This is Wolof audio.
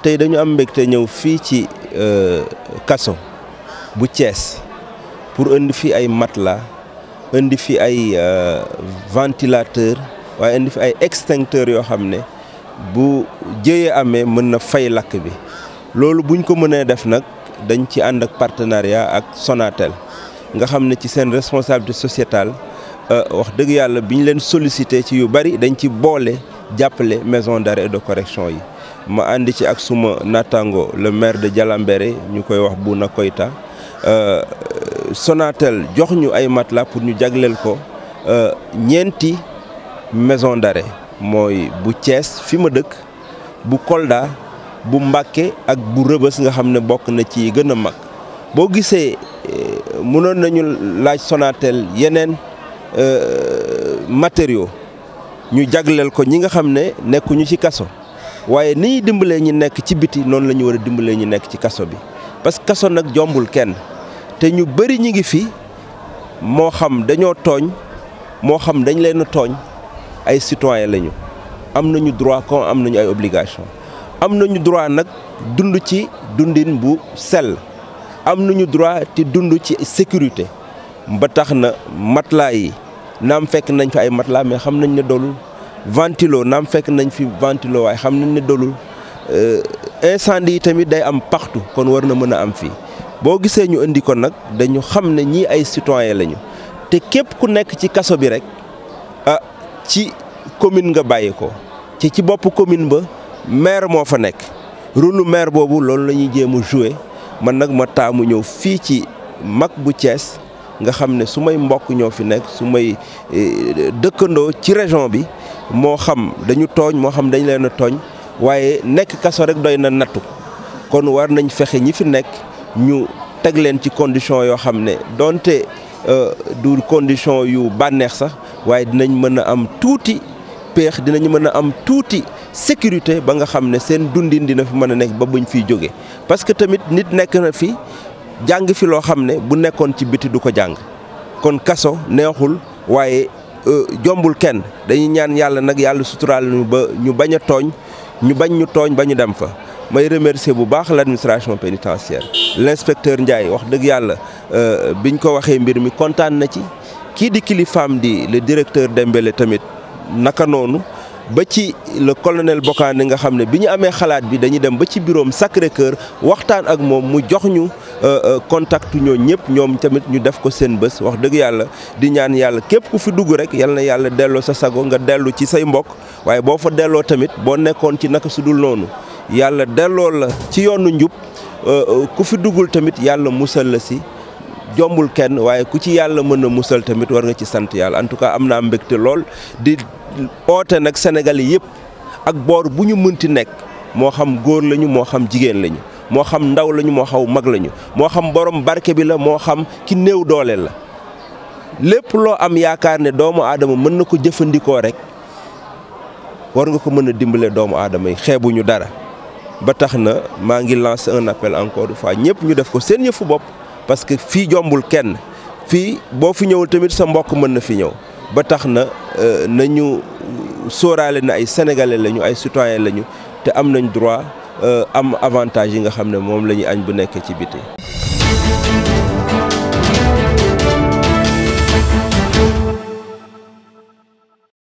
tey dañu am mbégte ñëw fii ci euh, kaso bu cees pour indi fi ay matelas indi fi ay euh, ventilateur waaye indi fi ay extincteur yoo xam ne bu jëyee amee mën na fay lakk bi loolu buñ ko mënee def nag dañ ci ànd ak partenariat ak Sonatel nga xam ne ci seen responsabilité sociétale euh, wax dëgg yàlla bi ñu leen sollicité ci yu bari dañ ci boole jàppale maison d'arrêt et de correction yi ma ànd ci ak suma naataango le maire de jalambeere ñu koy wax Bouna Koyta euh, Sonatel jox ñu ay matelas pour ñu jagleel ko euh, ñeenti maison d'arrêt mooy bu Thiès fi ma dëkk bu Kolda bu Mbacké ak bu Rëbës nga xam ne bokk na ci gën a mag boo gisee euh, mënoon nañu laaj Sonatel yeneen matériaux ñu jagleel ko ñi nga xam ne nekkuñu ci kaso waaye ni ñuy dimbalee ñi nekk ci biti noonu la ñu war a dimbalee ñi nekk ci kaso bi parce que kaso nag jombul kenn te ñu bëri ñi ngi fi moo xam dañoo tooñ moo xam dañ leen tooñ ay citoyen lañu am nañu droit comme am nañu ay obligation am nañu droit nag dund ci dundin bu sell am nañu droit ci dund ci sécurité ba tax na matelas yi naam fekk nañ fa ay matelas mais xam nañ ne doolul ventilo naam fekk nañ fi ventilo waaye xam nañ ne dolul euh, incendie yi tamit day am partout kon war na mën a am fii boo gisee ñu indi ko nag dañu xam ne ñii ay citoyen lañu te képp ku nekk ci kaso bi rek ah ci commune nga bàyyi ko ci ci bopp commune ba maire moo fa nekk rôle maire boobu loolu la ñuy jéem a jouer man nag ma taamu ñëw fii ci mag bu Thiès nga xam ne su may mbokk ñoo fi nekk su may euh, dëkkandoo ci région bi moo xam dañu tooñ moo xam dañ leen a tooñ waaye nekk kaso rek doy na nattu kon war nañ fexe ñi fi nekk ñu teg leen ci condition yoo xam ne donte euh, du condition yu bànneex sax waaye dinañ mën a am tuuti péex dinañ mën a am tuuti sécurité ba nga xam ne seen dundin dina fi mën a nekk ba buñ fiy jóge parce que tamit nit nekk na fi jàng fi loo xam ne bu nekkoon ci biti du ko jàng kon kaso neexul waaye Euh, jombul kenn dañuy ñaan yàlla nag yàlla suturaal ñu ba ñu bañ a tooñ ñu bañ ñu tooñ ba ñu dem fa may remercier bu baax l' administration pénitentiaire l' inspecteur Ndiaye wax dëgg yàlla euh, biñ ko waxee mbir mi kontaan na ci kii di kilifaam di le directeur Dembélé tamit naka noonu ba ci le colonel Bocandé nga xam ne bi ñu amee xalaat bi dañuy dem ba ci biroom Sacré-Cœur waxtaan ak moom mu jox ñu euh, euh, contact ñoo ñëpp ñoom tamit ñu def ko seen bés wax dëgg yàlla di ñaan yàlla képp ku fi dugg rek yal na yàlla delloo sa sago nga dellu ci say mbokk waaye boo fa delloo tamit boo nekkoon ci naka su dul noonu yàlla delloo la ci yoonu njub euh, ku fi duggul tamit yàlla musal la si jombul kenn waaye ku ci yàlla mën a musal tamit war nga ci sant yàlla en tout cas am naa mbégte lool di oote nag Sénégalais yëpp ak boor bu ñu ti nekk moo xam góor lañu moo xam jigéen lañu moo xam ndaw lañu moo xaw mag lañu moo xam borom barke bi la moo xam ki néew doole la lépp loo am yaakaar ne doomu aadama mën na ko jëfandikoo rek war nga ko mën a dimbale doomu aadama yi xeebuñu dara ba tax na maa ngi lancer un appel encore une fois ñëpp ñu def ko seen yëfu bopp. parce que fii jombul kenn fii boo fi ñëwul tamit sa mbokk mën na fi ñëw ba tax na euh, nañu sóoraale na ay sénégalais lañu ay citoyens lañu te am nañ droit euh, am avantage yi nga xam ne moom la ñuy añ bu nekkee ci biti.